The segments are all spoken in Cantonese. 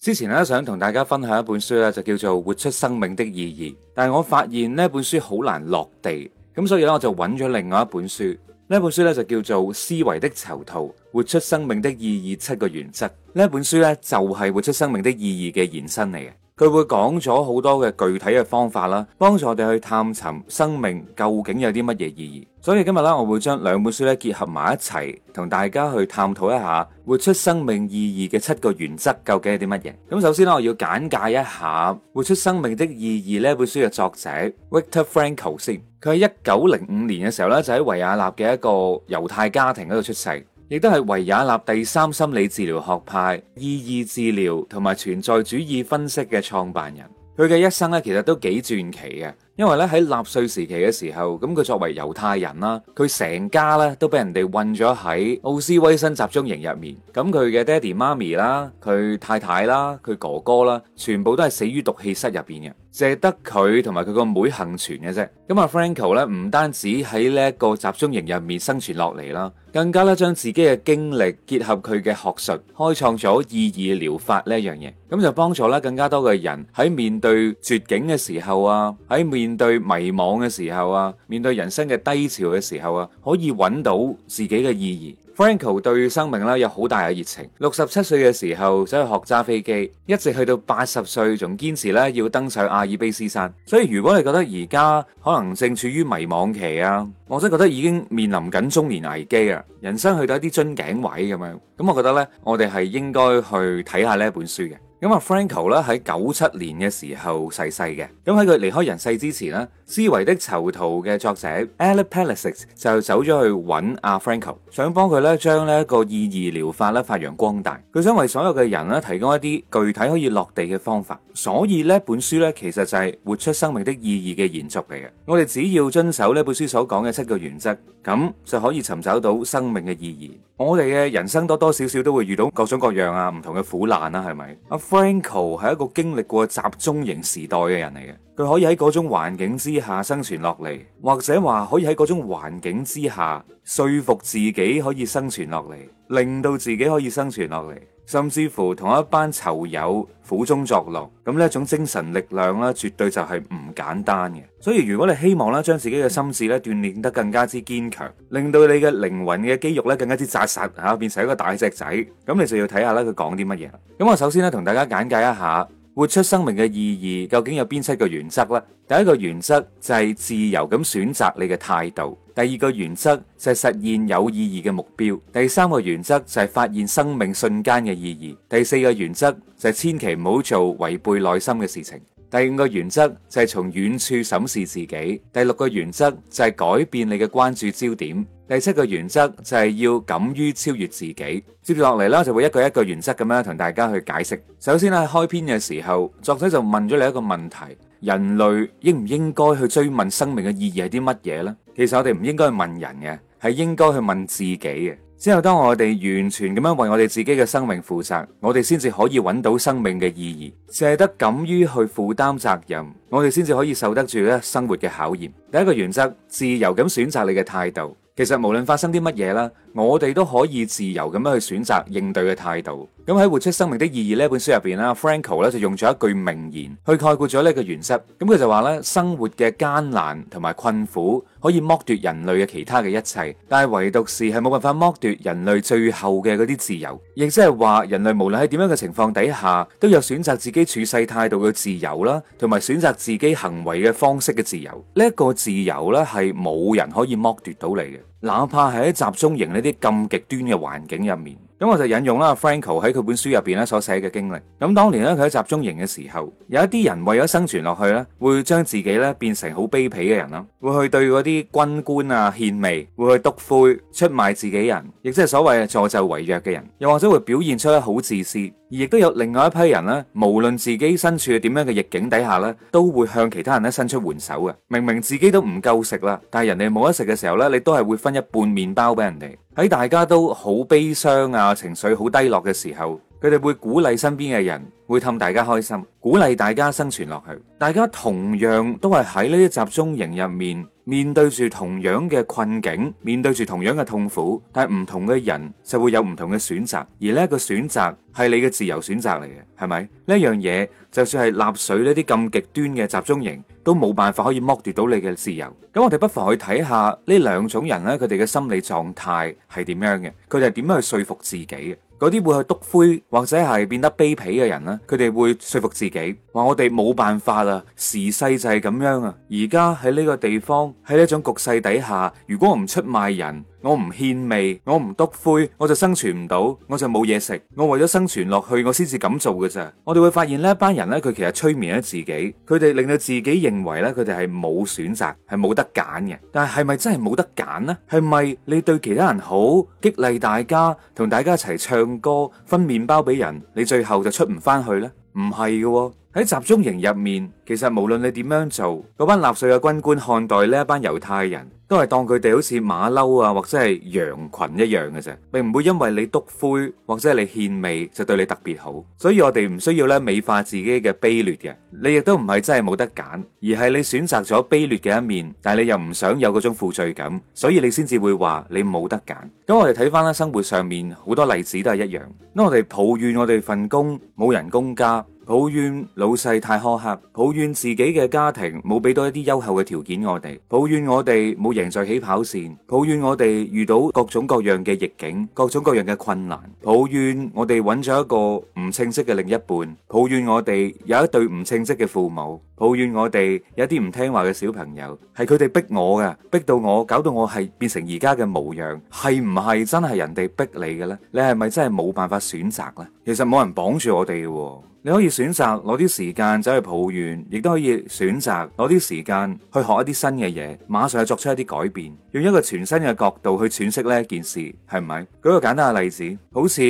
之前咧想同大家分享一本書咧，就叫做《活出生命的意義》，但係我發現呢本書好難落地，咁所以咧我就揾咗另外一本書，呢本書咧就叫做《思維的囚徒：活出生命的意義七個原則》。呢本書咧就係活出生命的意義嘅延伸嚟嘅。佢會講咗好多嘅具體嘅方法啦，幫助我哋去探尋生命究竟有啲乜嘢意義。所以今日咧，我會將兩本書咧結合埋一齊，同大家去探討一下活出生命意義嘅七個原則究竟係啲乜嘢。咁首先呢，我要簡介一下活出生命的意義呢本書嘅作者 Viktor Frankl 先。佢喺一九零五年嘅時候咧，就喺維也納嘅一個猶太家庭嗰度出世。亦都係維也納第三心理治療學派，意義治療同埋存在主義分析嘅創辦人，佢嘅一生咧其實都幾傳奇嘅，因為咧喺納粹時期嘅時候，咁佢作為猶太人啦，佢成家咧都俾人哋運咗喺奧斯威辛集中營入面，咁佢嘅爹哋媽咪啦、佢太太啦、佢哥哥啦，全部都係死於毒氣室入邊嘅。借得佢同埋佢個妹幸存嘅啫。咁啊，Frankl 咧唔單止喺呢一個集中營入面生存落嚟啦，更加咧將自己嘅經歷結合佢嘅學術，開創咗意義療法呢一樣嘢。咁就幫助咧更加多嘅人喺面對絕境嘅時候啊，喺面對迷茫嘅時候啊，面對人生嘅低潮嘅時候啊，可以揾到自己嘅意義。Franco 對生命咧有好大嘅熱情，六十七歲嘅時候走去學揸飛機，一直去到八十歲仲堅持咧要登上阿爾卑斯山。所以如果你覺得而家可能正處於迷茫期啊，或者覺得已經面臨緊中年危機啊，人生去到一啲樽頸位咁樣，咁我覺得咧，我哋係應該去睇下呢一本書嘅。咁啊，Franco 咧喺九七年嘅時候逝世嘅，咁喺佢離開人世之前咧。思維的囚徒嘅作者 Alipelasis 就走咗去揾阿 Frankl，想幫佢咧將呢一個意義療法咧發揚光大。佢想為所有嘅人咧提供一啲具體可以落地嘅方法。所以呢本書呢，其實就係活出生命的意義嘅延續嚟嘅。我哋只要遵守呢本書所講嘅七個原則，咁就可以尋找到生命嘅意義。我哋嘅人生多多少少都會遇到各種各樣啊唔同嘅苦難啊，係咪？阿、啊、Frankl 係一個經歷過集中營時代嘅人嚟嘅。佢可以喺嗰種環境之下生存落嚟，或者話可以喺嗰種環境之下說服自己可以生存落嚟，令到自己可以生存落嚟，甚至乎同一班囚友苦中作樂，咁呢一種精神力量咧，絕對就係唔簡單嘅。所以如果你希望咧，將自己嘅心智咧鍛煉得更加之堅強，令到你嘅靈魂嘅肌肉咧更加之紮實吓，變成一個大隻仔，咁你就要睇下咧佢講啲乜嘢。咁我首先咧同大家簡介一下。活出生命嘅意義究竟有邊七個原則呢？第一個原則就係自由咁選擇你嘅態度；第二個原則就係實現有意義嘅目標；第三個原則就係發現生命瞬間嘅意義；第四個原則就係千祈唔好做違背內心嘅事情；第五個原則就係從遠處審視自己；第六個原則就係改變你嘅關注焦點。第七個原則就係要敢於超越自己。接住落嚟啦，就會一個一個原則咁樣同大家去解釋。首先咧，開篇嘅時候，作者就問咗你一個問題：人類應唔應該去追問生命嘅意義係啲乜嘢呢？其實我哋唔應該去問人嘅，係應該去問自己嘅。之後，當我哋完全咁樣為我哋自己嘅生命負責，我哋先至可以揾到生命嘅意義。只得敢於去負擔責任，我哋先至可以受得住咧生活嘅考驗。第一個原則：自由咁選擇你嘅態度。其實無論發生啲乜嘢啦，我哋都可以自由咁樣去選擇應對嘅態度。咁喺活出生命的意義呢本書入邊啦，Franco 咧就用咗一句名言去概括咗呢一個原則。咁佢就話咧，生活嘅艱難同埋困苦可以剝奪人類嘅其他嘅一切，但係唯獨是係冇辦法剝奪人類最後嘅嗰啲自由。亦即係話人類無論喺點樣嘅情況底下，都有選擇自己處世態度嘅自由啦，同埋選擇自己行為嘅方式嘅自由。呢一個自由咧係冇人可以剝奪到你嘅。哪怕係喺集中營呢啲咁極端嘅環境入面，咁我就引用啦 Frankl 喺佢本書入邊咧所寫嘅經歷。咁當年咧佢喺集中營嘅時候，有一啲人為咗生存落去咧，會將自己咧變成好卑鄙嘅人啦，會去對嗰啲軍官啊獻媚，會去督灰出賣自己人，亦即係所謂助紂為虐嘅人，又或者會表現出咧好自私。而亦都有另外一批人咧，無論自己身處點樣嘅逆境底下咧，都會向其他人咧伸出援手嘅。明明自己都唔夠食啦，但係人哋冇得食嘅時候咧，你都係會分一半麵包俾人哋。喺大家都好悲傷啊，情緒好低落嘅時候。佢哋會鼓勵身邊嘅人，會氹大家開心，鼓勵大家生存落去。大家同樣都係喺呢啲集中營入面，面對住同樣嘅困境，面對住同樣嘅痛苦，但係唔同嘅人就會有唔同嘅選擇。而呢一個選擇係你嘅自由選擇嚟嘅，係咪？呢一樣嘢就算係納粹呢啲咁極端嘅集中營，都冇辦法可以剝奪到你嘅自由。咁我哋不妨去睇下呢兩種人咧，佢哋嘅心理狀態係點樣嘅？佢哋係點樣去說服自己嘅？嗰啲會去篤灰或者係變得卑鄙嘅人咧，佢哋會説服自己話：我哋冇辦法啦，時勢就係咁樣啊！而家喺呢個地方，喺呢種局勢底下，如果我唔出賣人，我唔獻媚，我唔篤灰，我就生存唔到，我就冇嘢食。我為咗生存落去，我先至咁做嘅咋，我哋會發現呢一班人呢，佢其實催眠咗自己，佢哋令到自己認為呢，佢哋係冇選擇，係冇得揀嘅。但係係咪真係冇得揀呢？係咪你對其他人好，激勵大家，同大家一齊唱歌，分麵包俾人，你最後就出唔翻去呢？唔係嘅喎。喺集中營入面，其實無論你點樣做，嗰班納粹嘅軍官看待呢一班猶太人，都係當佢哋好似馬騮啊，或者係羊群一樣嘅啫，並唔會因為你督灰或者係你獻媚就對你特別好。所以我哋唔需要咧美化自己嘅卑劣嘅，你亦都唔係真係冇得揀，而係你選擇咗卑劣嘅一面，但係你又唔想有嗰種負罪感，所以你先至會話你冇得揀。咁我哋睇翻咧生活上面好多例子都係一樣，因為我哋抱怨我哋份工冇人工加。抱怨老細太苛刻，抱怨自己嘅家庭冇俾到一啲優厚嘅條件我，我哋抱怨我哋冇贏在起跑線，抱怨我哋遇到各種各樣嘅逆境、各種各樣嘅困難，抱怨我哋揾咗一個唔稱職嘅另一半，抱怨我哋有一對唔稱職嘅父母，抱怨我哋有啲唔聽話嘅小朋友係佢哋逼我嘅，逼到我搞到我係變成而家嘅模樣，係唔係真係人哋逼你嘅呢？你係咪真係冇辦法選擇呢？其實冇人綁住我哋。你可以選擇攞啲時間走去抱怨，亦都可以選擇攞啲時間去學一啲新嘅嘢，馬上去作出一啲改變，用一個全新嘅角度去詮釋呢一件事，係咪？舉個簡單嘅例子，好似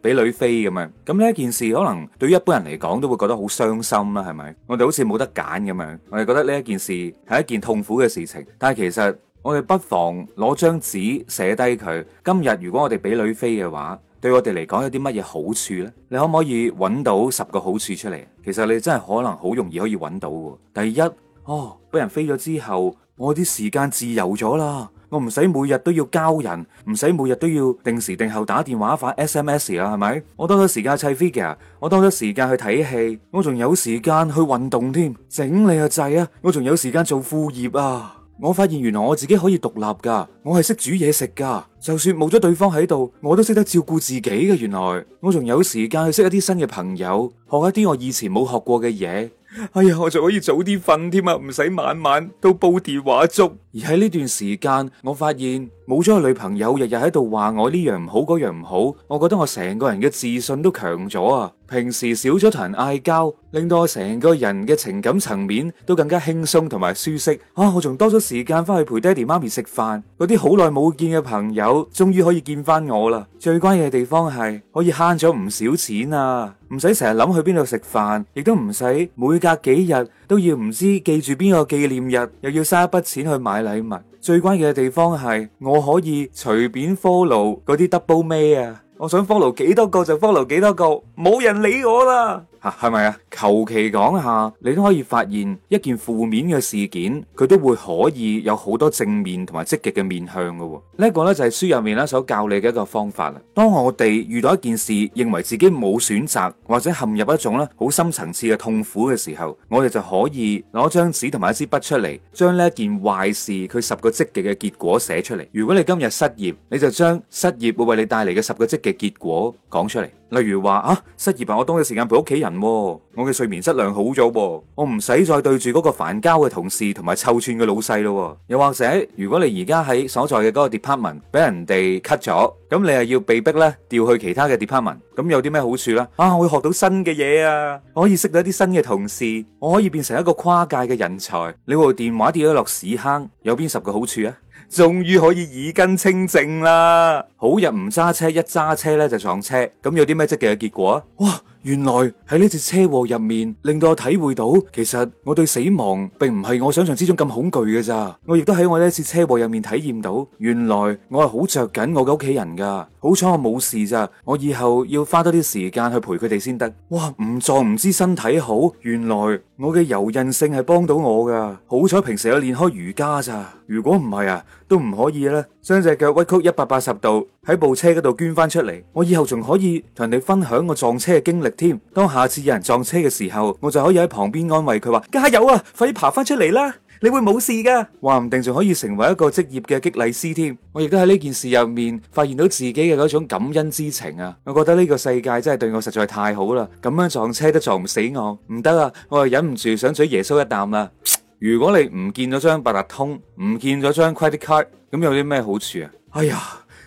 俾女飛咁樣，咁呢一件事可能對於一般人嚟講都會覺得好傷心啦，係咪？我哋好似冇得揀咁樣，我哋覺得呢一件事係一件痛苦嘅事情，但係其實我哋不妨攞張紙寫低佢，今日如果我哋俾女飛嘅話。對我哋嚟講有啲乜嘢好處呢？你可唔可以揾到十個好處出嚟？其實你真係可能好容易可以揾到嘅。第一，哦，俾人飛咗之後，我啲時間自由咗啦，我唔使每日都要交人，唔使每日都要定時定候打電話發 S M S 啦，係咪？我多咗時間砌 figure，我多咗時間去睇戲，我仲有時間去運動添，整你個掣啊！我仲有時間做副業啊！我發現原來我自己可以獨立噶，我係識煮嘢食噶，就算冇咗對方喺度，我都識得照顧自己嘅。原來我仲有時間去識一啲新嘅朋友，學一啲我以前冇學過嘅嘢。哎呀，我就可以早啲瞓添啊，唔使晚晚都煲電話粥。而喺呢段時間，我發現冇咗個女朋友，日日喺度話我呢樣唔好，嗰樣唔好。我覺得我成個人嘅自信都強咗啊！平時少咗同人嗌交，令到我成個人嘅情感層面都更加輕鬆同埋舒適。啊，我仲多咗時間翻去陪爹哋媽咪食飯。嗰啲好耐冇見嘅朋友，終於可以見翻我啦。最關鍵嘅地方係可以慳咗唔少錢啊！唔使成日諗去邊度食飯，亦都唔使每隔幾日都要唔知記住邊個紀念日，又要嘥一筆錢去買。禮物最關鍵嘅地方係，我可以隨便 follow 嗰啲 double mail 咩啊！我想 follow 幾多個就 follow 幾多個，冇人理我啦。係咪啊？求其講下，你都可以發現一件負面嘅事件，佢都會可以有好多正面同埋積極嘅面向㗎。呢、這、一個咧就係書入面啦所教你嘅一個方法啦。當我哋遇到一件事，認為自己冇選擇或者陷入一種咧好深層次嘅痛苦嘅時候，我哋就可以攞張紙同埋一支筆出嚟，將呢一件壞事佢十個積極嘅結果寫出嚟。如果你今日失業，你就將失業會為你帶嚟嘅十個積極結果講出嚟。例如話啊，失業當啊，我多咗時間陪屋企人，我嘅睡眠質量好咗，我唔使再對住嗰個煩交嘅同事同埋臭串嘅老細咯、啊。又或者，如果你而家喺所在嘅嗰個 department 俾人哋 cut 咗，咁你係要被逼咧調去其他嘅 department，咁有啲咩好處咧？啊，我會學到新嘅嘢啊，我可以識到一啲新嘅同事，我可以變成一個跨界嘅人才。你部電話跌咗落屎坑，有邊十個好處啊？終於可以耳根清淨啦！好日唔揸車，一揸車咧就撞車，咁有啲咩積極嘅結果啊？哇！原來喺呢次車禍入面，令到我體會到，其實我對死亡並唔係我想象之中咁恐懼嘅咋。我亦都喺我呢次車禍入面體驗到，原來我係好着緊我嘅屋企人噶。好彩我冇事咋，我以後要花多啲時間去陪佢哋先得。哇，唔撞唔知身體好，原來我嘅柔韌性係幫到我噶。好彩平時有練開瑜伽咋，如果唔係啊。都唔可以啦，將隻腳屈曲一百八十度喺部車嗰度捐翻出嚟，我以後仲可以同你分享我撞車嘅經歷添。當下次有人撞車嘅時候，我就可以喺旁邊安慰佢話：加油啊，快啲爬翻出嚟啦，你會冇事噶。話唔定仲可以成為一個職業嘅激勵師添。我亦都喺呢件事入面發現到自己嘅嗰種感恩之情啊！我覺得呢個世界真係對我實在太好啦，咁樣撞車都撞唔死我，唔得啊！我又忍唔住想嘴耶穌一啖啦，啊。如果你唔見咗張八達通，唔見咗張 credit card，咁有啲咩好處啊？哎呀，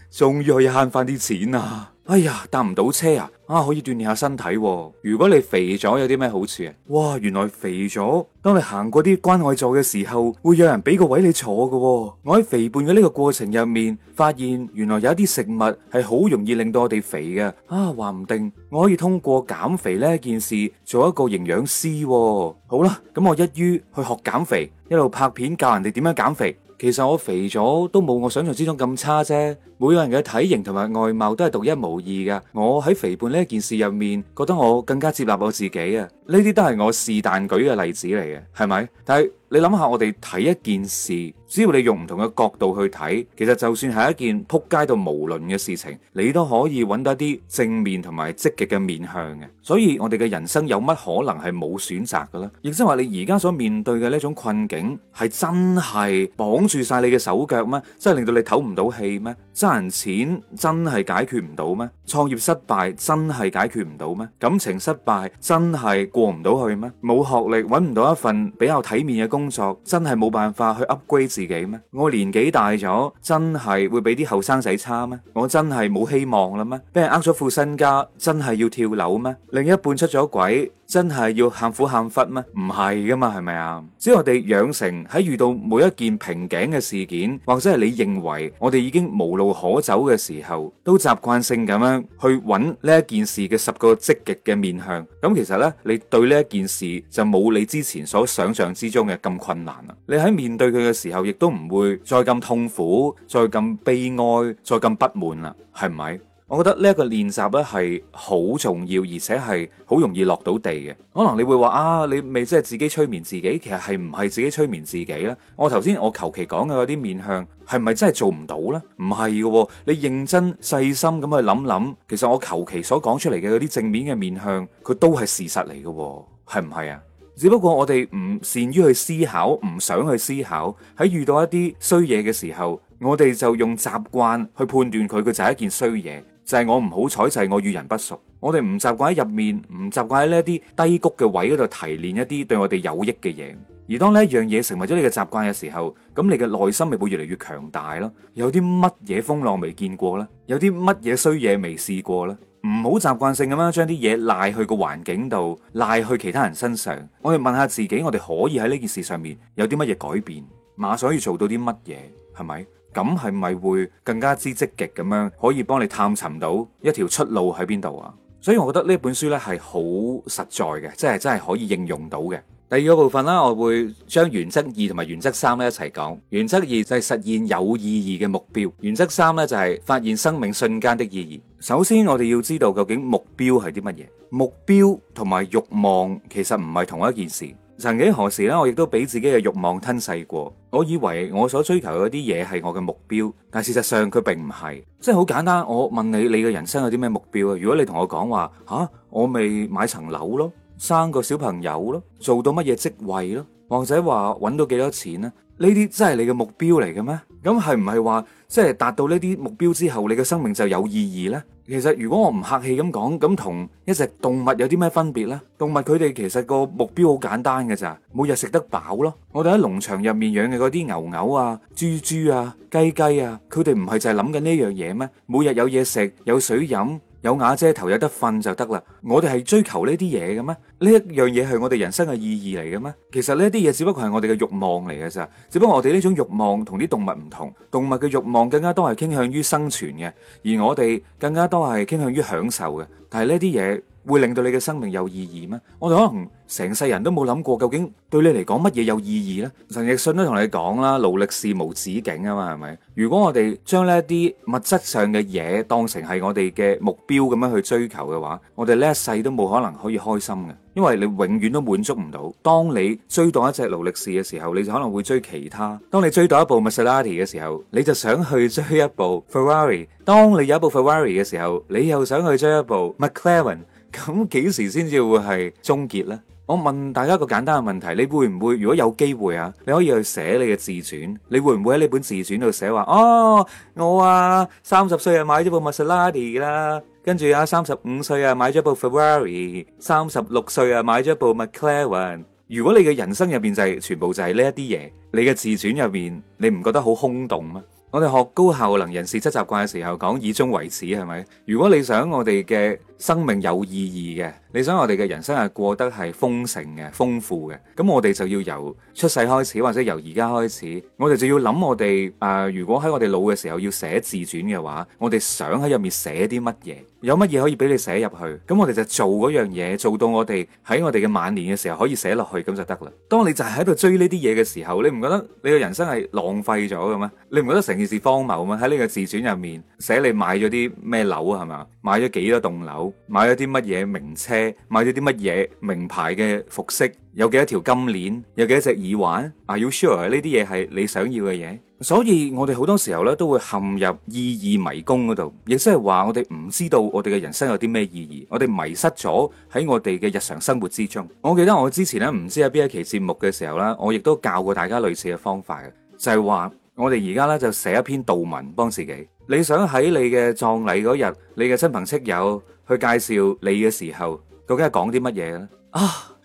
仲要可以慳翻啲錢啊！哎呀，搭唔到車啊！啊！可以鍛煉下身體喎。如果你肥咗，有啲咩好處啊？哇！原來肥咗，當你行過啲關愛座嘅時候，會有人俾個位你坐嘅喎。我喺肥胖嘅呢個過程入面，發現原來有一啲食物係好容易令到我哋肥嘅。啊，話唔定我可以通過減肥呢件事，做一個營養師喎。好啦，咁我一於去學減肥，一路拍片教人哋點樣減肥。其實我肥咗都冇我想象之中咁差啫。每個人嘅體型同埋外貌都係獨一無二㗎。我喺肥胖呢件事入面，覺得我更加接納我自己啊。呢啲都係我是但舉嘅例子嚟嘅，係咪？但係你諗下，我哋睇一件事。只要你用唔同嘅角度去睇，其實就算係一件撲街到無倫嘅事情，你都可以揾到一啲正面同埋積極嘅面向嘅。所以我哋嘅人生有乜可能係冇選擇嘅咧？亦即係話你而家所面對嘅呢種困境係真係綁住晒你嘅手腳咩？真係令到你唞唔到氣咩？爭人錢真係解決唔到咩？創業失敗真係解決唔到咩？感情失敗真係過唔到去咩？冇學歷揾唔到一份比較體面嘅工作真係冇辦法去 upgrade。自己咩？我年紀大咗，真係會俾啲後生仔差咩？我真係冇希望啦咩？俾人呃咗副身家，真係要跳樓咩？另一半出咗軌，真係要喊苦喊忽咩？唔係噶嘛，係咪啊？只要我哋養成喺遇到每一件瓶頸嘅事件，或者係你認為我哋已經無路可走嘅時候，都習慣性咁樣去揾呢一件事嘅十個積極嘅面向。咁、嗯、其實呢，你對呢一件事就冇你之前所想象之中嘅咁困難啦。你喺面對佢嘅時候，亦都唔會再咁痛苦、再咁悲哀、再咁不滿啦，係咪？我覺得呢一個練習呢係好重要，而且係好容易落到地嘅。可能你會話啊，你未真係自己催眠自己，其實係唔係自己催眠自己呢？我頭先我求其講嘅嗰啲面向，係咪真係做唔到呢？唔係嘅，你認真細心咁去諗諗，其實我求其所講出嚟嘅嗰啲正面嘅面向，佢都係事實嚟嘅喎，係唔係啊？只不過我哋唔善於去思考，唔想去思考，喺遇到一啲衰嘢嘅時候，我哋就用習慣去判斷佢，佢就係一件衰嘢。就係我唔好彩，就係我與人不熟，我哋唔習慣喺入面，唔習慣喺呢啲低谷嘅位嗰度提煉一啲對我哋有益嘅嘢。而當呢一樣嘢成為咗你嘅習慣嘅時候，咁你嘅內心咪會越嚟越強大咯。有啲乜嘢風浪未見過呢？有啲乜嘢衰嘢未試過呢？唔好習慣性咁樣將啲嘢賴去個環境度，賴去其他人身上。我哋問下自己，我哋可以喺呢件事上面有啲乜嘢改變，馬上可以做到啲乜嘢？係咪？咁係咪會更加之積極咁樣，可以幫你探尋到一條出路喺邊度啊？所以我覺得呢本書咧，係好實在嘅，即係真係可以應用到嘅。第二個部分呢，我會將原則二同埋原則三咧一齊講。原則二就係實現有意義嘅目標，原則三呢就係發現生命瞬間的意義。首先，我哋要知道究竟目標係啲乜嘢？目標同埋欲望其實唔係同一件事。曾幾何時咧，我亦都俾自己嘅欲望吞噬過。我以為我所追求嗰啲嘢係我嘅目標，但事實上佢並唔係。即係好簡單，我問你，你嘅人生有啲咩目標啊？如果你同我講話吓，我未買層樓咯，生個小朋友咯，做到乜嘢職位咯，或者話揾到幾多錢呢？呢啲真係你嘅目標嚟嘅咩？咁係唔係話即係達到呢啲目標之後，你嘅生命就有意義呢？」其實如果我唔客氣咁講，咁同一隻動物有啲咩分別呢？動物佢哋其實個目標好簡單嘅咋，每日食得飽咯。我哋喺農場入面養嘅嗰啲牛牛啊、豬豬啊、雞雞啊，佢哋唔係就係諗緊呢樣嘢咩？每日有嘢食，有水飲。有瓦遮頭，有得瞓就得啦。我哋係追求呢啲嘢嘅咩？呢一樣嘢係我哋人生嘅意義嚟嘅咩？其實呢啲嘢只不過係我哋嘅慾望嚟嘅咋。只不過我哋呢種慾望同啲動物唔同，動物嘅慾望更加多係傾向於生存嘅，而我哋更加多係傾向於享受嘅。但係呢啲嘢。會令到你嘅生命有意義咩？我哋可能成世人都冇諗過，究竟對你嚟講乜嘢有意義呢？陳奕迅都同你講啦，勞力士無止境啊嘛，係咪？如果我哋將呢一啲物質上嘅嘢當成係我哋嘅目標咁樣去追求嘅話，我哋呢一世都冇可能可以開心嘅，因為你永遠都滿足唔到。當你追到一隻勞力士嘅時候，你就可能會追其他；當你追到一部 Maserati 嘅時候，你就想去追一部 Ferrari；當你有一部 Ferrari 嘅時候，你又想去追一部 McLaren。咁幾時先至會係終結呢？我問大家個簡單嘅問題，你會唔會如果有機會啊，你可以去寫你嘅自傳？你會唔會喺呢本自傳度寫話哦，我啊三十歲啊買咗部 Maserati 啦，跟住啊三十五歲啊買咗部 Ferrari，三十六歲啊買咗一部 McLaren？如果你嘅人生入邊就係全部就係呢一啲嘢，你嘅自傳入面你唔覺得好空洞咩？我哋學高效能人士七習慣嘅時候講以終為始係咪？如果你想我哋嘅。生命有意義嘅，你想我哋嘅人生係過得係豐盛嘅、豐富嘅，咁我哋就要由出世開始，或者由而家開始，我哋就要諗我哋誒、呃，如果喺我哋老嘅時候要寫自傳嘅話，我哋想喺入面寫啲乜嘢，有乜嘢可以俾你寫入去，咁我哋就做嗰樣嘢，做到我哋喺我哋嘅晚年嘅時候可以寫落去咁就得啦。當你就係喺度追呢啲嘢嘅時候，你唔覺得你嘅人生係浪費咗嘅咩？你唔覺得成件事荒謬咩？喺呢個自傳入面寫你買咗啲咩樓啊？係嘛，買咗幾多棟樓？買咗啲乜嘢名車，買咗啲乜嘢名牌嘅服飾，有幾多條金鏈，有幾多隻耳環？Are you sure 呢啲嘢係你想要嘅嘢？所以我哋好多時候咧都會陷入意義迷宮嗰度，亦即係話我哋唔知道我哋嘅人生有啲咩意義，我哋迷失咗喺我哋嘅日常生活之中。我記得我之前咧唔知喺邊一期節目嘅時候咧，我亦都教過大家類似嘅方法嘅，就係話我哋而家咧就寫一篇悼文幫自己。你想喺你嘅葬禮嗰日，你嘅親朋戚友。佢介紹你嘅時候，究竟係講啲乜嘢咧？啊，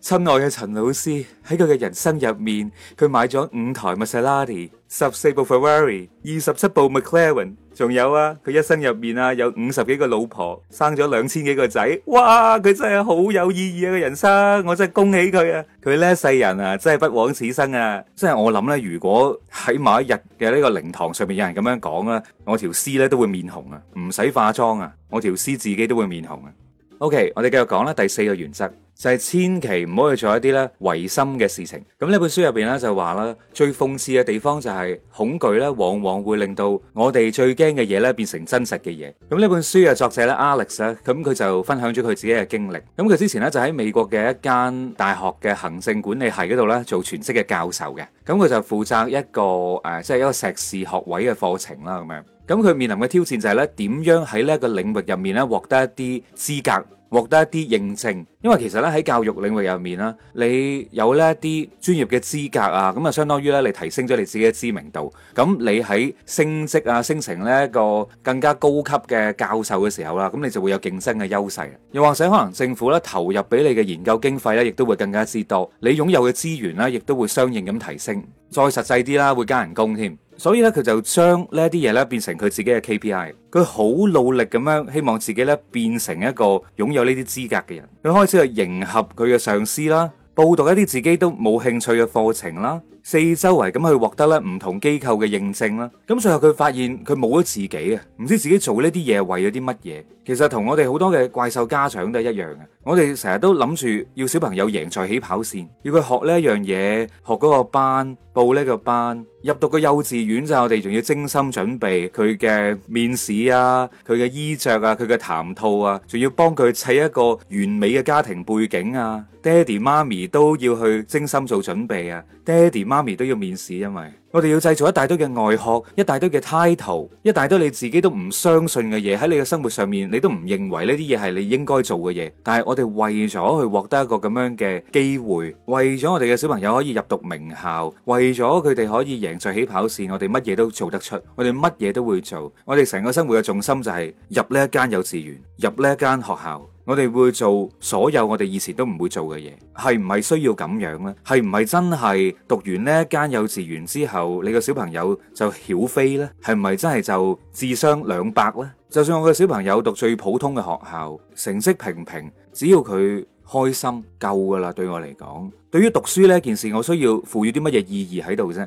親愛嘅陳老師喺佢嘅人生入面，佢買咗五台瑪莎拉蒂，十四部 Ferrari，二十七部 McLaren。仲有啊，佢一生入面啊有五十幾個老婆，生咗兩千幾個仔，哇！佢真係好有意義啊個人生，我真係恭喜佢啊！佢呢世人啊真係不枉此生啊！即係我諗呢，如果喺某一日嘅呢個靈堂上面有人咁樣講啊，我條屍呢都會面紅啊，唔使化妝啊，我條屍自己都會面紅啊。OK，我哋繼續講啦，第四個原則。就係千祈唔好去做一啲咧，違心嘅事情。咁呢一本書入邊咧，就話啦，最諷刺嘅地方就係恐懼咧，往往會令到我哋最驚嘅嘢咧變成真實嘅嘢。咁呢一本書嘅作者咧 Alex 咧，咁佢就分享咗佢自己嘅經歷。咁佢之前咧，就喺美國嘅一間大學嘅行政管理系嗰度咧，做全職嘅教授嘅。咁佢就負責一個誒，即係一個碩士學位嘅課程啦。咁樣，咁佢面臨嘅挑戰就係咧點樣喺呢一個領域入面咧，獲得一啲資格，獲得一啲認證，因為其實咧喺教育領域入面啦，你有呢一啲專業嘅資格啊，咁啊相當於咧你提升咗你自己嘅知名度。咁你喺升職啊、升成呢一個更加高級嘅教授嘅時候啦，咁你就會有競爭嘅優勢。又或者可能政府咧投入俾你嘅研究經費咧，亦都會更加之多。你擁有嘅資源咧，亦都會相應咁提升。再實際啲啦，會加人工添。所以咧，佢就將呢啲嘢咧變成佢自己嘅 KPI，佢好努力咁樣希望自己咧變成一個擁有呢啲資格嘅人，佢開始去迎合佢嘅上司啦，報讀一啲自己都冇興趣嘅課程啦。四周圍咁去獲得咧唔同機構嘅認證啦，咁最後佢發現佢冇咗自己啊，唔知自己做呢啲嘢係為咗啲乜嘢？其實同我哋好多嘅怪獸家長都係一樣嘅，我哋成日都諗住要小朋友贏在起跑線，要佢學呢一樣嘢，學嗰個班，報呢個班，入讀個幼稚園就我哋仲要精心準備佢嘅面試啊，佢嘅衣着啊，佢嘅談吐啊，仲要幫佢砌一個完美嘅家庭背景啊，爹哋媽咪都要去精心做準備啊，爹哋。媽咪都要面試，因為我哋要製造一大堆嘅外殼，一大堆嘅 title，一大堆你自己都唔相信嘅嘢喺你嘅生活上面，你都唔認為呢啲嘢係你應該做嘅嘢。但係我哋為咗去獲得一個咁樣嘅機會，為咗我哋嘅小朋友可以入讀名校，為咗佢哋可以贏在起跑線，我哋乜嘢都做得出，我哋乜嘢都會做，我哋成個生活嘅重心就係入呢一間幼稚園，入呢一間學校。我哋會做所有我哋以前都唔會做嘅嘢，係唔係需要咁樣咧？係唔係真係讀完呢一間幼稚園之後，你個小朋友就曉飛咧？係唔係真係就智商兩百咧？就算我嘅小朋友讀最普通嘅學校，成績平平，只要佢開心夠噶啦。對我嚟講，對於讀書呢件事，我需要賦予啲乜嘢意義喺度啫？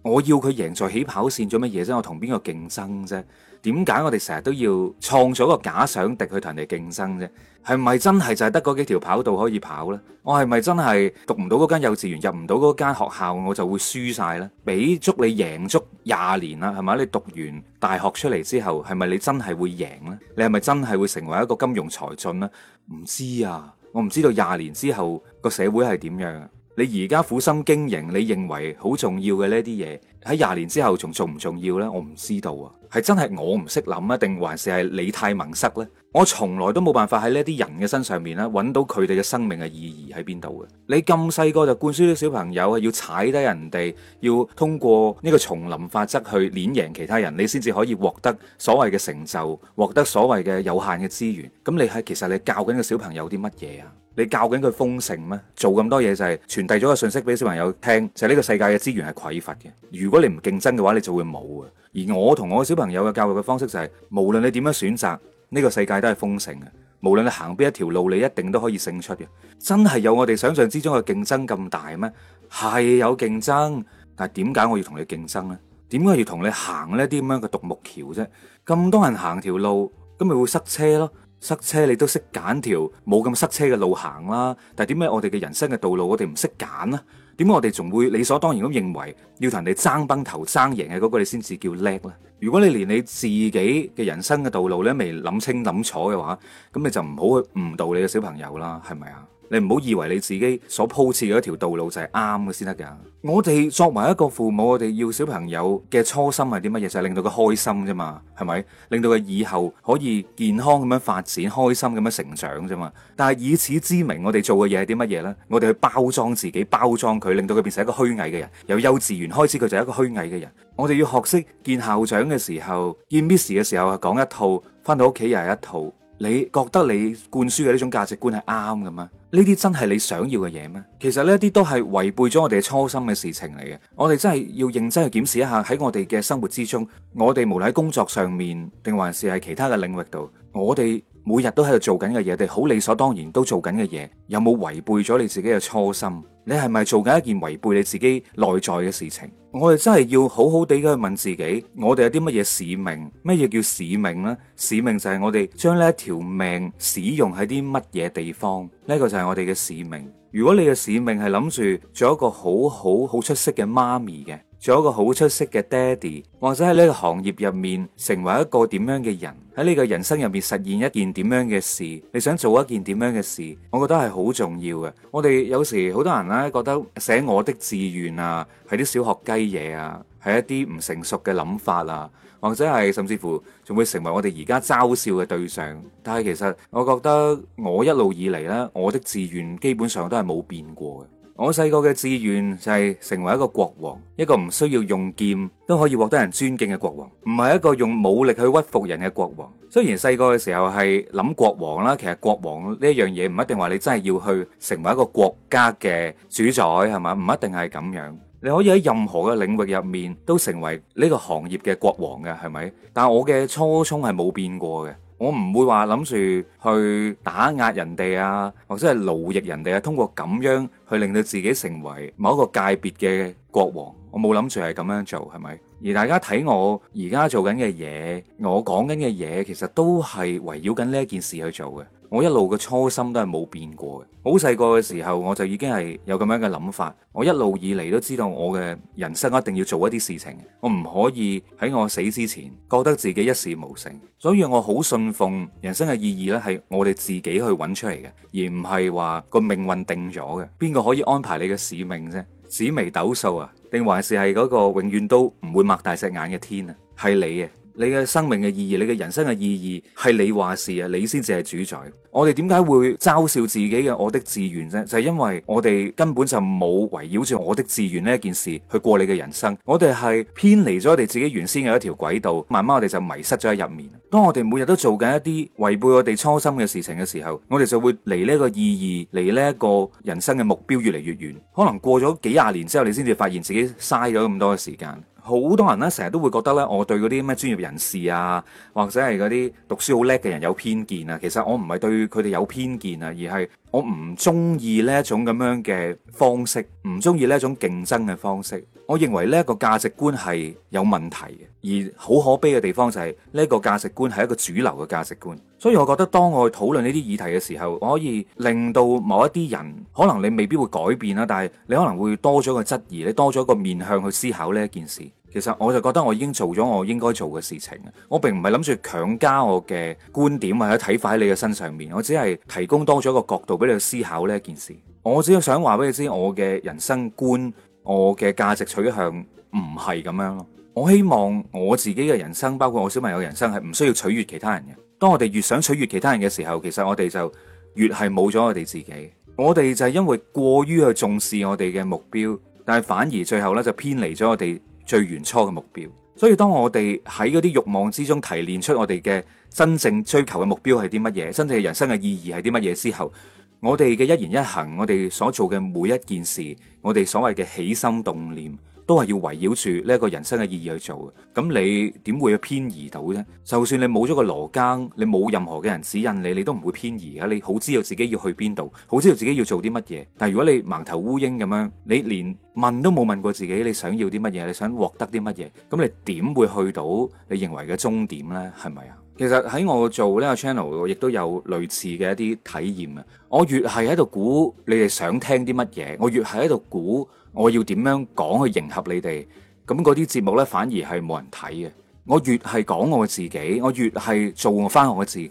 我要佢贏在起跑線做乜嘢啫？我同邊個競爭啫？點解我哋成日都要創造個假想敵去同人哋競爭啫？係咪真係就係得嗰幾條跑道可以跑呢？我係咪真係讀唔到嗰間幼稚園，入唔到嗰間學校，我就會輸晒呢？俾足你贏足廿年啦，係咪？你讀完大學出嚟之後，係咪你真係會贏呢？你係咪真係會成為一個金融才俊呢？唔知啊，我唔知道廿年之後個社會係點樣。你而家苦心經營，你認為好重要嘅呢啲嘢，喺廿年之後仲重唔重要呢？我唔知道啊，係真係我唔識諗啊，定還是係你太矇塞呢？我從來都冇辦法喺呢啲人嘅身上面揾到佢哋嘅生命嘅意義喺邊度嘅。你咁細個就灌輸啲小朋友要踩低人哋，要通過呢個叢林法則去碾贏其他人，你先至可以獲得所謂嘅成就，獲得所謂嘅有限嘅資源。咁你係其實你教緊個小朋友啲乜嘢啊？你教緊佢豐盛咩？做咁多嘢就係傳遞咗個信息俾小朋友聽，就係、是、呢個世界嘅資源係匱乏嘅。如果你唔競爭嘅話，你就會冇嘅。而我同我小朋友嘅教育嘅方式就係、是，無論你點樣選擇，呢、這個世界都係豐盛嘅。無論你行邊一條路，你一定都可以勝出嘅。真係有我哋想象之中嘅競爭咁大咩？係有競爭，但係點解我要同你競爭呢？點解要同你行呢啲咁樣嘅獨木橋啫？咁多人行條路，咁咪會塞車咯？塞車你都識揀條冇咁塞車嘅路行啦，但係點解我哋嘅人生嘅道路我哋唔識揀呢？點解我哋仲會理所當然咁認為要同人哋爭崩頭爭贏嘅嗰個你先至叫叻呢？如果你連你自己嘅人生嘅道路你都未諗清諗楚嘅話，咁你就唔好去誤導你嘅小朋友啦，係咪啊？你唔好以為你自己所鋪設嘅一條道路就係啱嘅先得㗎。我哋作為一個父母，我哋要小朋友嘅初心係啲乜嘢？就係、是、令到佢開心啫嘛，係咪？令到佢以後可以健康咁樣發展、開心咁樣成長啫嘛。但係以此之名，我哋做嘅嘢係啲乜嘢呢？我哋去包裝自己、包裝佢，令到佢變成一個虛偽嘅人。由幼稚園開始，佢就係一個虛偽嘅人。我哋要學識見校長嘅時候、見 Miss 嘅時候係講一套，返到屋企又係一套。你覺得你灌輸嘅呢種價值觀係啱嘅咩？呢啲真係你想要嘅嘢咩？其實呢啲都係違背咗我哋嘅初心嘅事情嚟嘅。我哋真係要認真去檢視一下喺我哋嘅生活之中，我哋無論喺工作上面，定還是係其他嘅領域度，我哋。每日都喺度做緊嘅嘢、哋好理所當然都做緊嘅嘢，有冇違背咗你自己嘅初心？你係咪做緊一件違背你自己內在嘅事情？我哋真係要好好地去問自己，我哋有啲乜嘢使命？乜嘢叫使命呢？使命就係我哋將呢一條命使用喺啲乜嘢地方？呢、呢個就係我哋嘅使命。如果你嘅使命係諗住做一個好好好出色嘅媽咪嘅，做一個好出色嘅爹哋，或者喺呢個行業入面成為一個點樣嘅人，喺呢個人生入面實現一件點樣嘅事，你想做一件點樣嘅事，我覺得係好重要嘅。我哋有時好多人呢，覺得寫我的志願啊，係啲小學雞嘢啊，係一啲唔成熟嘅諗法啊，或者係甚至乎仲會成為我哋而家嘲笑嘅對象。但係其實我覺得我一路以嚟呢，我的志願基本上都係冇變過嘅。我細個嘅志願就係成為一個國王，一個唔需要用劍都可以獲得人尊敬嘅國王，唔係一個用武力去屈服人嘅國王。雖然細個嘅時候係諗國王啦，其實國王呢樣嘢唔一定話你真係要去成為一個國家嘅主宰，係咪？唔一定係咁樣。你可以喺任何嘅領域入面都成為呢個行業嘅國王嘅，係咪？但我嘅初衷係冇變過嘅。我唔會話諗住去打壓人哋啊，或者係奴役人哋啊，通過咁樣去令到自己成為某一個界別嘅國王。我冇諗住係咁樣做，係咪？而大家睇我而家做緊嘅嘢，我講緊嘅嘢，其實都係圍繞緊呢一件事去做嘅。我一路嘅初心都係冇變過嘅。好細個嘅時候，我就已經係有咁樣嘅諗法。我一路以嚟都知道我嘅人生一定要做一啲事情，我唔可以喺我死之前覺得自己一事無成。所以我好信奉人生嘅意義咧，係我哋自己去揾出嚟嘅，而唔係話個命運定咗嘅。邊個可以安排你嘅使命啫？紫微斗數啊，定還是係嗰個永遠都唔會擘大隻眼嘅天啊？係你啊。你嘅生命嘅意義，你嘅人生嘅意義，係你話事啊！你先至係主宰。我哋點解會嘲笑自己嘅我的志願啫？就係因為我哋根本就冇圍繞住我的志願呢一件事去過你嘅人生。我哋係偏離咗我哋自己原先嘅一條軌道，慢慢我哋就迷失咗喺入面。當我哋每日都做緊一啲違背我哋初心嘅事情嘅時候，我哋就會離呢個意義，離呢一個人生嘅目標越嚟越遠。可能過咗幾廿年之後，你先至發現自己嘥咗咁多嘅時間。好多人咧，成日都會覺得咧，我對嗰啲咩專業人士啊，或者係嗰啲讀書好叻嘅人有偏見啊。其實我唔係對佢哋有偏見啊，而係我唔中意呢一種咁樣嘅方式，唔中意呢一種競爭嘅方式。我認為呢一個價值觀係有問題嘅，而好可悲嘅地方就係呢一個價值觀係一個主流嘅價值觀。所以我覺得當我去討論呢啲議題嘅時候，我可以令到某一啲人，可能你未必會改變啦，但係你可能會多咗個質疑，你多咗個面向去思考呢一件事。其實我就覺得我已經做咗我應該做嘅事情，我並唔係諗住強加我嘅觀點或者睇法喺你嘅身上面，我只係提供多咗一個角度俾你去思考呢一件事。我只係想話俾你知，我嘅人生觀、我嘅價值取向唔係咁樣咯。我希望我自己嘅人生，包括我小朋友嘅人生，係唔需要取悅其他人嘅。當我哋越想取悅其他人嘅時候，其實我哋就越係冇咗我哋自己。我哋就係因為過於去重視我哋嘅目標，但係反而最後咧就偏離咗我哋。最原初嘅目標，所以當我哋喺嗰啲慾望之中提煉出我哋嘅真正追求嘅目標係啲乜嘢，真正人生嘅意義係啲乜嘢之後，我哋嘅一言一行，我哋所做嘅每一件事，我哋所謂嘅起心動念。都係要圍繞住呢一個人生嘅意義去做嘅，咁你點會偏移到呢？就算你冇咗個羅庚，你冇任何嘅人指引你，你都唔會偏移嘅。你好知道自己要去邊度，好知道自己要做啲乜嘢。但如果你盲頭烏蠅咁樣，你連問都冇問過自己你，你想要啲乜嘢？你想獲得啲乜嘢？咁你點會去到你認為嘅終點呢？係咪啊？其實喺我做呢個 channel，我亦都有類似嘅一啲體驗啊！我越係喺度估你哋想聽啲乜嘢，我越係喺度估，我要點樣講去迎合你哋？咁嗰啲節目呢，反而係冇人睇嘅。我越係講我自己，我越係做翻我自己，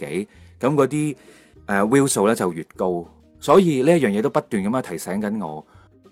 咁嗰啲誒 view 數呢就越高。所以呢一樣嘢都不斷咁樣提醒緊我，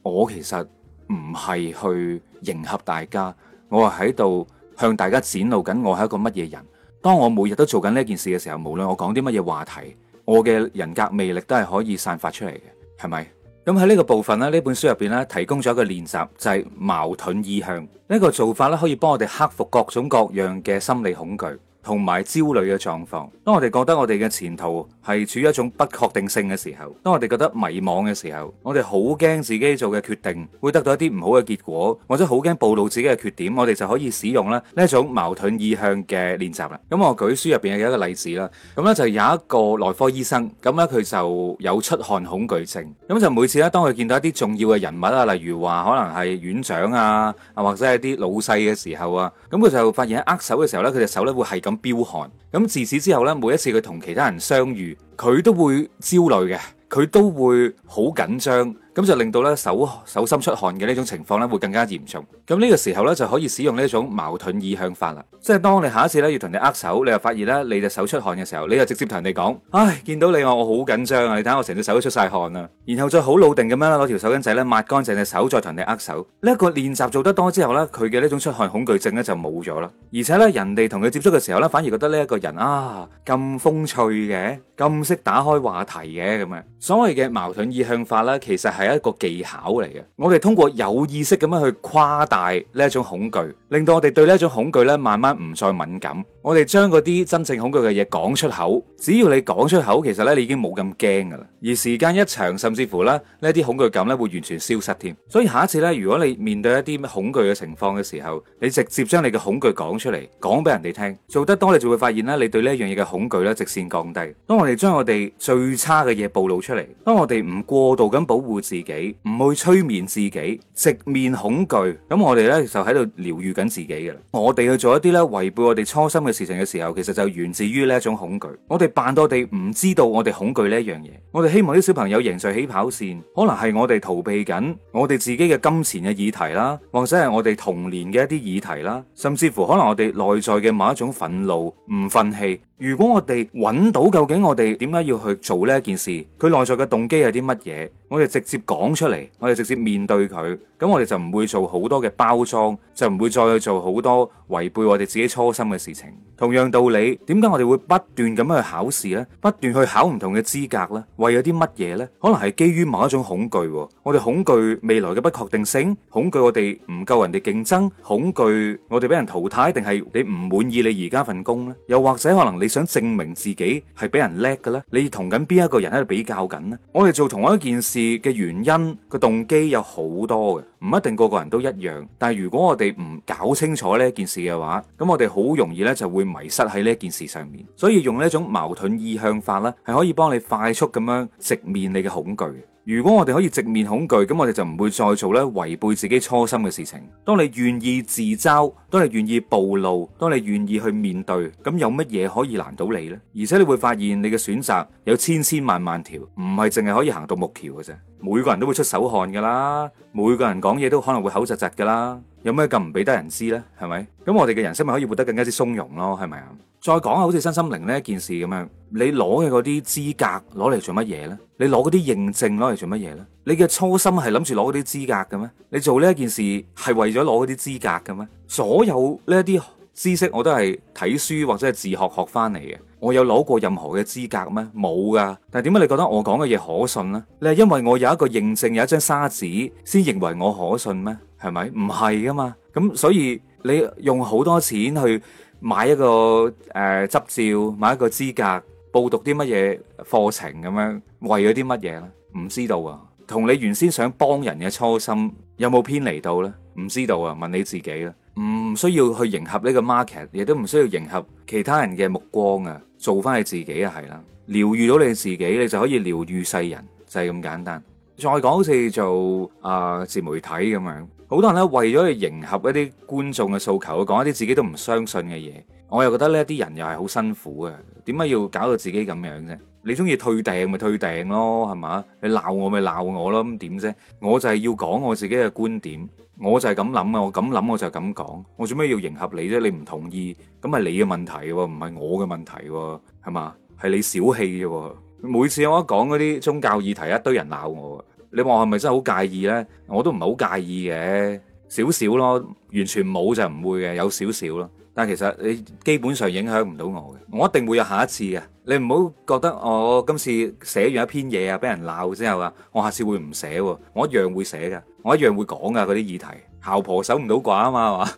我其實唔係去迎合大家，我係喺度向大家展露緊我係一個乜嘢人。當我每日都做緊呢一件事嘅時候，無論我講啲乜嘢話題，我嘅人格魅力都係可以散發出嚟嘅，係咪？咁喺呢個部分咧，呢本書入邊咧，提供咗一個練習，就係矛盾意向，呢個做法咧，可以幫我哋克服各種各樣嘅心理恐懼。同埋焦慮嘅狀況，當我哋覺得我哋嘅前途係處於一種不確定性嘅時候，當我哋覺得迷惘嘅時候，我哋好驚自己做嘅決定會得到一啲唔好嘅結果，或者好驚暴露自己嘅缺點，我哋就可以使用咧呢一種矛盾意向嘅練習啦。咁我舉書入邊嘅一個例子啦，咁咧就有一個內科醫生，咁咧佢就有出汗恐懼症，咁就每次咧當佢見到一啲重要嘅人物啊，例如話可能係院長啊，啊或者係啲老細嘅時候啊，咁佢就發現喺握手嘅時候咧，佢隻手咧會係咁。彪悍咁，自此之後呢，每一次佢同其他人相遇，佢都會焦慮嘅，佢都會好緊張。咁就令到咧手手心出汗嘅呢種情況咧會更加嚴重。咁呢個時候咧就可以使用呢一種矛盾意向法啦。即係當你下一次咧要同人哋握手，你又發現咧你隻手出汗嘅時候，你就直接同人哋講：唉，見到你我我好緊張啊！你睇下我成隻手都出晒汗啊！然後再好老定咁樣攞條手巾仔咧抹乾淨隻手，再同人哋握手。呢一個練習做得多之後咧，佢嘅呢種出汗恐懼症咧就冇咗啦。而且咧人哋同佢接觸嘅時候咧，反而覺得呢一個人啊咁風趣嘅，咁識打開話題嘅咁啊。所謂嘅矛盾意向法啦，其實係一個技巧嚟嘅，我哋通過有意識咁樣去誇大呢一種恐懼，令到我哋對呢一種恐懼咧慢慢唔再敏感。我哋將嗰啲真正恐懼嘅嘢講出口，只要你講出口，其實咧你已經冇咁驚噶啦。而時間一長，甚至乎咧呢啲恐懼感咧會完全消失添。所以下一次咧，如果你面對一啲恐懼嘅情況嘅時候，你直接將你嘅恐懼講出嚟，講俾人哋聽，做得多，你就會發現咧，你對呢一樣嘢嘅恐懼咧直線降低。當我哋將我哋最差嘅嘢暴露出嚟，當我哋唔過度咁保護自己，唔去催眠自己，直面恐懼，咁我哋咧就喺度療愈緊自己噶啦。我哋去做一啲咧違背我哋初心嘅。事情嘅時候，其實就源自於呢一種恐懼。我哋扮到哋唔知道我哋恐懼呢一樣嘢。我哋希望啲小朋友贏在起跑線，可能係我哋逃避緊我哋自己嘅金錢嘅議題啦，或者係我哋童年嘅一啲議題啦，甚至乎可能我哋內在嘅某一種憤怒、唔忿氣。如果我哋揾到究竟我哋點解要去做呢一件事，佢內在嘅動機係啲乜嘢？我哋直接講出嚟，我哋直接面對佢，咁我哋就唔會做好多嘅包裝，就唔會再做好多違背我哋自己初心嘅事情。同樣道理，點解我哋會不斷咁樣去考試呢？不斷去考唔同嘅資格呢？為咗啲乜嘢呢？可能係基於某一種恐懼，我哋恐懼未來嘅不確定性，恐懼我哋唔夠人哋競爭，恐懼我哋俾人淘汰，定係你唔滿意你而家份工呢？又或者可能你想證明自己係俾人叻嘅咧？你同緊邊一個人喺度比較緊呢？我哋做同一件事嘅原因、個動機有好多嘅，唔一定個個人都一樣。但係如果我哋唔搞清楚呢件事嘅話，咁我哋好容易呢就會迷失喺呢件事上面。所以用呢一種矛盾意向法呢，係可以幫你快速咁樣直面你嘅恐懼。如果我哋可以直面恐懼，咁我哋就唔會再做咧違背自己初心嘅事情。當你願意自嘲，當你願意暴露，當你願意去面對，咁有乜嘢可以難到你呢？而且你會發現，你嘅選擇有千千萬萬條，唔係淨係可以行獨木橋嘅啫。每個人都會出手汗噶啦，每個人講嘢都可能會口窒窒噶啦。有咩咁唔俾得人知呢？係咪？咁我哋嘅人生咪可以活得更加之鬆容咯？係咪啊？再講下好似身心靈呢一件事咁樣，你攞嘅嗰啲資格攞嚟做乜嘢呢？你攞嗰啲認證攞嚟做乜嘢呢？你嘅初心係諗住攞嗰啲資格嘅咩？你做呢一件事係為咗攞嗰啲資格嘅咩？所有呢啲知識我都係睇書或者係自學學翻嚟嘅。我有攞過任何嘅資格咩？冇噶。但係點解你覺得我講嘅嘢可信呢？你係因為我有一個認證，有一張沙紙，先認為我可信咩？係咪？唔係噶嘛。咁所以你用好多錢去買一個誒、呃、執照，買一個資格，報讀啲乜嘢課程咁樣，為咗啲乜嘢呢？唔知道啊。同你原先想幫人嘅初心有冇偏離到呢？唔知道啊。問你自己啦。唔、嗯、需要去迎合呢個 market，亦都唔需要迎合其他人嘅目光啊！做翻你自己啊，係啦，療愈到你自己，你就可以療愈世人，就係、是、咁簡單。再講好似做啊自媒體咁樣，好多人咧，為咗去迎合一啲觀眾嘅訴求，講一啲自己都唔相信嘅嘢。我又覺得呢啲人又係好辛苦嘅，點解要搞到自己咁樣啫？你中意退訂咪退訂咯，係嘛？你鬧我咪鬧我咯，咁點啫？我就係要講我自己嘅觀點。我就係咁諗啊！我咁諗我就係咁講，我做咩要迎合你啫？你唔同意咁係你嘅問題喎，唔係我嘅問題喎，係嘛？係你小氣啫！每次我一講嗰啲宗教議題，一堆人鬧我啊！你話我係咪真係好介意呢？我都唔係好介意嘅，少少咯，完全冇就唔會嘅，有少少咯。但係其實你基本上影響唔到我嘅，我一定會有下一次嘅。你唔好覺得我今次寫完一篇嘢啊，俾人鬧之後啊，我下次會唔寫喎？我一樣會寫㗎。.我一樣會講噶嗰啲議題，姣婆守唔到寡啊嘛，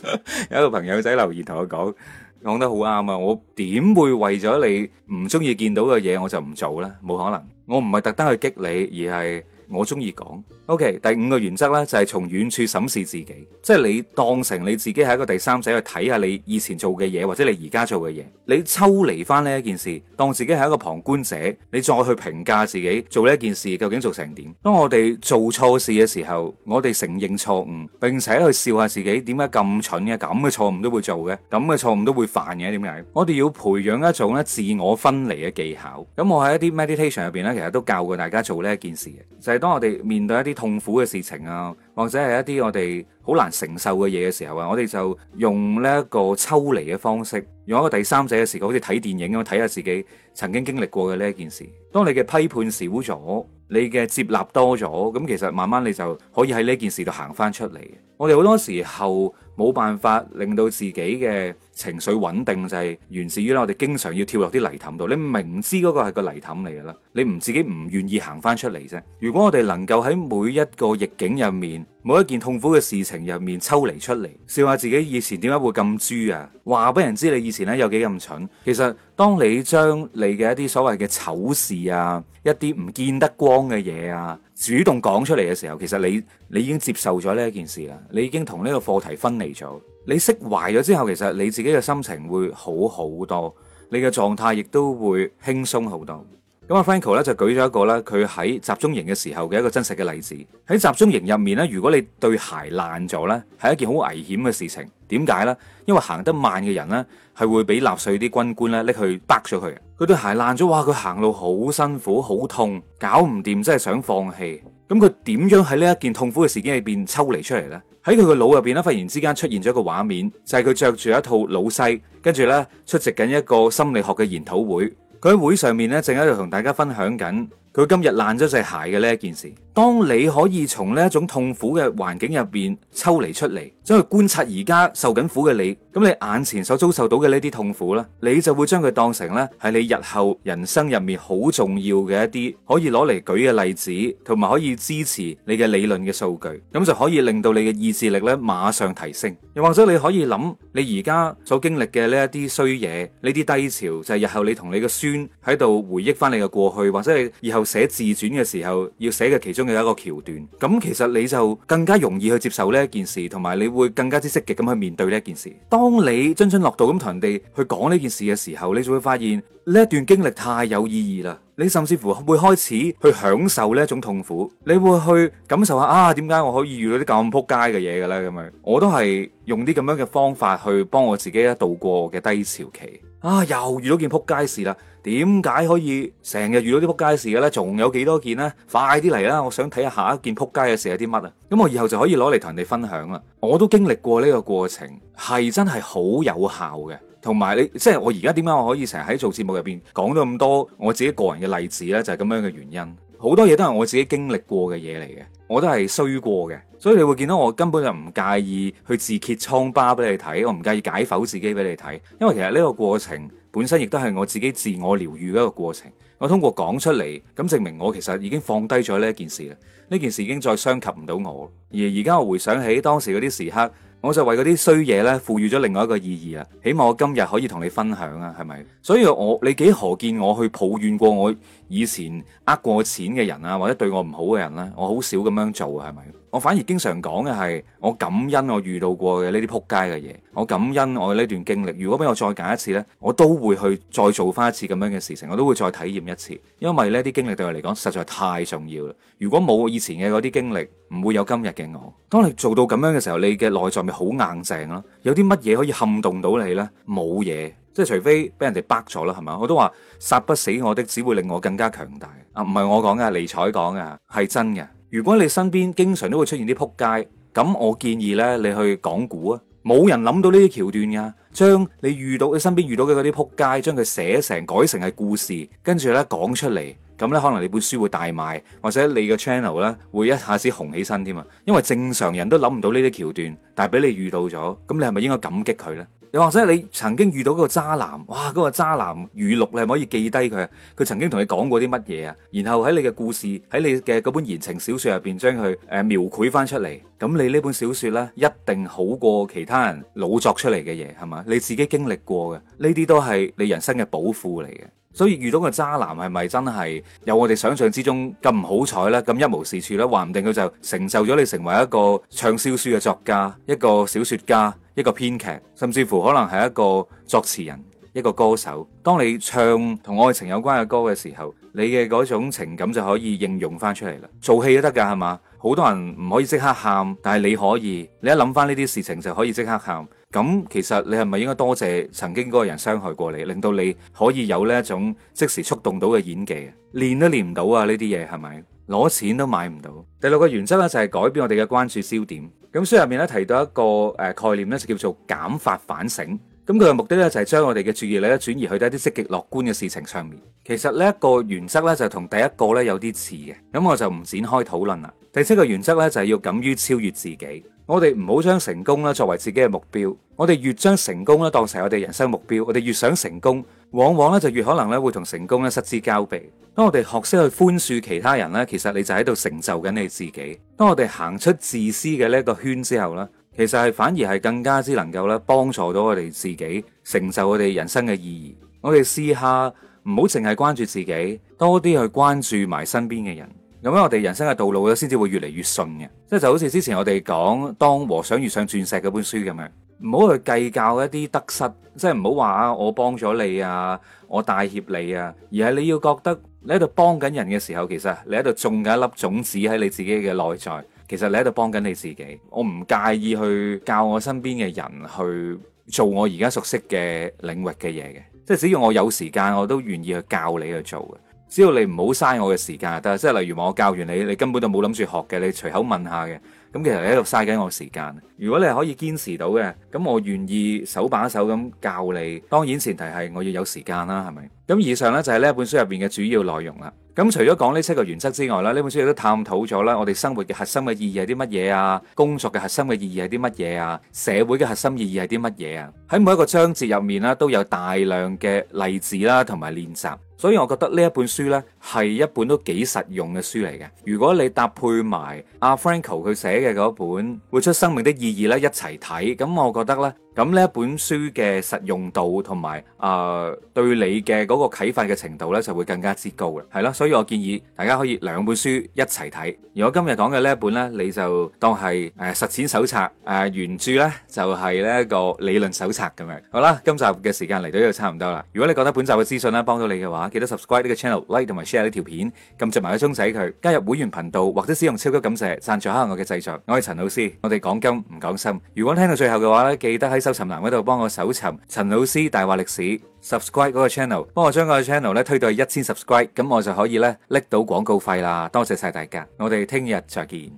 有嘛？個朋友仔留言同我講，講得好啱啊！我點會為咗你唔中意見到嘅嘢我就唔做呢？冇可能！我唔係特登去激你，而係。我中意講，OK，第五個原則呢，就係從遠處審視自己，即係你當成你自己係一個第三者去睇下你以前做嘅嘢，或者你而家做嘅嘢，你抽離翻呢一件事，當自己係一個旁觀者，你再去評價自己做呢件事究竟做成點。當我哋做錯事嘅時候，我哋承認錯誤，並且去笑下自己點解咁蠢嘅，啊，咁嘅錯誤都會做嘅，咁嘅錯誤都會犯嘅，點解？我哋要培養一種咧自我分離嘅技巧。咁我喺一啲 meditation 入邊呢，其實都教過大家做呢一件事嘅，就係當我哋面對一啲痛苦嘅事情啊，或者係一啲我哋好難承受嘅嘢嘅時候啊，我哋就用呢一個抽離嘅方式，用一個第三者嘅視角，好似睇電影咁睇下自己曾經經歷過嘅呢一件事。當你嘅批判少咗，你嘅接納多咗，咁其實慢慢你就可以喺呢件事度行翻出嚟。我哋好多時候冇辦法令到自己嘅。情緒穩定就係、是、源自於咧，我哋經常要跳落啲泥氹度，你明知嗰個係個泥氹嚟嘅啦，你唔自己唔願意行翻出嚟啫。如果我哋能夠喺每一個逆境入面，每一件痛苦嘅事情入面抽離出嚟，笑下自己以前點解會咁豬啊，話俾人知你以前咧有幾咁蠢。其實當你將你嘅一啲所謂嘅醜事啊，一啲唔見得光嘅嘢啊，主動講出嚟嘅時候，其實你你已經接受咗呢一件事啦，你已經同呢個課題分離咗。你釋懷咗之後，其實你自己嘅心情會好好多，你嘅狀態亦都會輕鬆好多。咁阿 Franko 咧就舉咗一個咧，佢喺集中營嘅時候嘅一個真實嘅例子。喺集中營入面咧，如果你對鞋爛咗咧，係一件好危險嘅事情。點解呢？因為行得慢嘅人呢，係會俾納粹啲軍官咧拎去斃咗佢。佢對鞋爛咗，哇！佢行路好辛苦，好痛，搞唔掂，真係想放棄。咁佢點樣喺呢一件痛苦嘅事件入邊抽離出嚟呢？喺佢個腦入邊咧，忽然之間出現咗一個畫面，就係佢着住一套老西，跟住咧出席緊一個心理學嘅研討會。佢喺會上面咧，正喺度同大家分享緊佢今日爛咗隻鞋嘅呢一件事。當你可以從呢一種痛苦嘅環境入邊抽離出嚟。將去觀察而家受緊苦嘅你，咁你眼前所遭受到嘅呢啲痛苦呢，你就會將佢當成呢係你日後人生入面好重要嘅一啲可以攞嚟舉嘅例子，同埋可以支持你嘅理論嘅數據，咁就可以令到你嘅意志力呢馬上提升。又或者你可以諗你而家所經歷嘅呢一啲衰嘢，呢啲低潮就係日後你同你嘅孫喺度回憶翻你嘅過去，或者係以後寫自傳嘅時候要寫嘅其中嘅一個橋段。咁其實你就更加容易去接受呢一件事，同埋你，會更加之積極咁去面對呢件事。當你津津樂道咁同人哋去講呢件事嘅時候，你就會發現呢一段經歷太有意義啦。你甚至乎會開始去享受呢一種痛苦，你會去感受下啊，點解我可以遇到啲咁撲街嘅嘢嘅咧？咁樣我都係用啲咁樣嘅方法去幫我自己一度過嘅低潮期。啊！又遇到件撲街事啦，點解可以成日遇到啲撲街事嘅咧？仲有幾多件呢？快啲嚟啦！我想睇下下一件撲街嘅事係啲乜啊！咁、嗯、我以後就可以攞嚟同人哋分享啦。我都經歷過呢個過程，係真係好有效嘅。同埋你即係我而家點解我可以成日喺做節目入邊講到咁多我自己個人嘅例子呢？就係、係、咁樣嘅原因。好多嘢都係我自己經歷過嘅嘢嚟嘅，我都係衰過嘅，所以你會見到我根本就唔介意去自揭瘡疤俾你睇，我唔介意解剖自己俾你睇，因為其實呢個過程本身亦都係我自己自我療愈嘅一個過程。我通過講出嚟，咁證明我其實已經放低咗呢一件事啦，呢件事已經再傷及唔到我了。而而家我回想起當時嗰啲時刻。我就為嗰啲衰嘢呢，賦予咗另外一個意義啊！起碼我今日可以同你分享啊，係咪？所以我你幾何見我去抱怨過我以前呃過錢嘅人啊，或者對我唔好嘅人呢？我好少咁樣做，係咪？我反而經常講嘅係，我感恩我遇到過嘅呢啲撲街嘅嘢，我感恩我呢段經歷。如果俾我再揀一次呢，我都會去再做翻一次咁樣嘅事情，我都會再體驗一次，因為呢啲經歷對我嚟講實在太重要啦。如果冇以前嘅嗰啲經歷，唔會有今日嘅我。當你做到咁樣嘅時候，你嘅內在咪好硬淨囉？有啲乜嘢可以撼動到你呢？冇嘢，即係除非俾人哋 b 咗啦，係咪？我都話殺不死我的，只會令我更加強大啊！唔係我講嘅，尼采講嘅，係真嘅。如果你身邊經常都會出現啲撲街，咁我建議呢，你去講古啊，冇人諗到呢啲橋段噶，將你遇到你身邊遇到嘅嗰啲撲街，將佢寫成改成係故事，跟住呢講出嚟，咁呢可能你本書會大賣，或者你嘅 channel 呢會一下子紅起身添啊！因為正常人都諗唔到呢啲橋段，但係俾你遇到咗，咁你係咪應該感激佢呢？又或者你曾經遇到嗰個渣男，哇！嗰個渣男語錄你係可以記低佢，佢曾經同你講過啲乜嘢啊？然後喺你嘅故事，喺你嘅嗰本言情小說入邊將佢誒描繪翻出嚟。咁你呢本小說呢，一定好過其他人老作出嚟嘅嘢，係嘛？你自己經歷過嘅，呢啲都係你人生嘅寶庫嚟嘅。所以遇到個渣男係咪真係有我哋想象之中咁唔好彩呢？咁一無是處呢？話唔定佢就成就咗你成為一個暢銷書嘅作家，一個小說家。一個編劇，甚至乎可能係一個作詞人，一個歌手。當你唱同愛情有關嘅歌嘅時候，你嘅嗰種情感就可以應用翻出嚟啦。做戲都得㗎，係嘛？好多人唔可以即刻喊，但係你可以。你一諗翻呢啲事情就可以即刻喊。咁其實你係咪應該多謝曾經嗰個人傷害過你，令到你可以有呢一種即時觸動到嘅演技？練都練唔到啊！呢啲嘢係咪攞錢都買唔到？第六個原則咧就係改變我哋嘅關注焦點。咁書入面咧提到一個誒概念，咧就叫做減法反省，咁佢嘅目的咧就係將我哋嘅注意力咧轉移去到一啲積極樂觀嘅事情上面。其實呢一個原則咧就同第一個咧有啲似嘅，咁我就唔展開討論啦。第七個原則咧就係要敢於超越自己，我哋唔好將成功咧作為自己嘅目標，我哋越將成功咧當成我哋人生目標，我哋越想成功。往往咧就越可能咧會同成功咧失之交臂。當我哋學識去寬恕其他人咧，其實你就喺度成就緊你自己。當我哋行出自私嘅呢個圈之後咧，其實係反而係更加之能夠咧幫助到我哋自己，成就我哋人生嘅意義。我哋試下唔好淨係關注自己，多啲去關注埋身邊嘅人。咁樣，我哋人生嘅道路咧，先至會越嚟越順嘅。即係就好似之前我哋講「當和尚遇上鑽石」嗰本書咁樣。唔好去計較一啲得失，即係唔好話啊，我幫咗你啊，我帶挈你啊，而係你要覺得你喺度幫緊人嘅時候，其實你喺度種緊一粒種子喺你自己嘅內在，其實你喺度幫緊你自己。我唔介意去教我身邊嘅人去做我而家熟悉嘅領域嘅嘢嘅，即係只要我有時間，我都願意去教你去做嘅。只要你唔好嘥我嘅時間得，即係例如我教完你，你根本就冇諗住學嘅，你隨口問下嘅。咁其實你喺度嘥緊我時間。如果你係可以堅持到嘅，咁我願意手把手咁教你。當然前提係我要有時間啦，係咪？咁以上呢就係呢一本書入邊嘅主要內容啦。咁除咗講呢七個原則之外啦，呢本書亦都探討咗啦，我哋生活嘅核心嘅意義係啲乜嘢啊？工作嘅核心嘅意義係啲乜嘢啊？社會嘅核心意義係啲乜嘢啊？喺每一個章節入面呢，都有大量嘅例子啦同埋練習，所以我覺得呢一本書呢，係一本都幾實用嘅書嚟嘅。如果你搭配埋阿 Frankl 佢寫嘅嗰本《活出生命的意義》咧，一齊睇，咁我覺得呢咁呢本書嘅實用度同埋啊對你嘅嗰個啟發嘅程度呢，就會更加之高啦。係咯，所以我建議大家可以兩本書一齊睇。而我今日講嘅呢一本呢，你就當係誒、呃、實踐手冊，誒、呃、原著呢，就係、是、呢一個理論手冊咁樣。好啦，今集嘅時間嚟到呢度差唔多啦。如果你覺得本集嘅資訊呢，幫到你嘅話，記得 subscribe 呢個 channel、like 同埋。呢條片撳著埋個鐘仔佢加入會員頻道或者使用超級感謝讚助下我嘅製作，我係陳老師，我哋講金唔講心。如果聽到最後嘅話咧，記得喺搜尋欄嗰度幫我搜尋陳老師大話歷史 subscribe 嗰個 channel，幫我將個 channel 咧推到一千 subscribe，咁我就可以咧拎到廣告費啦。多謝晒大家，我哋聽日再見。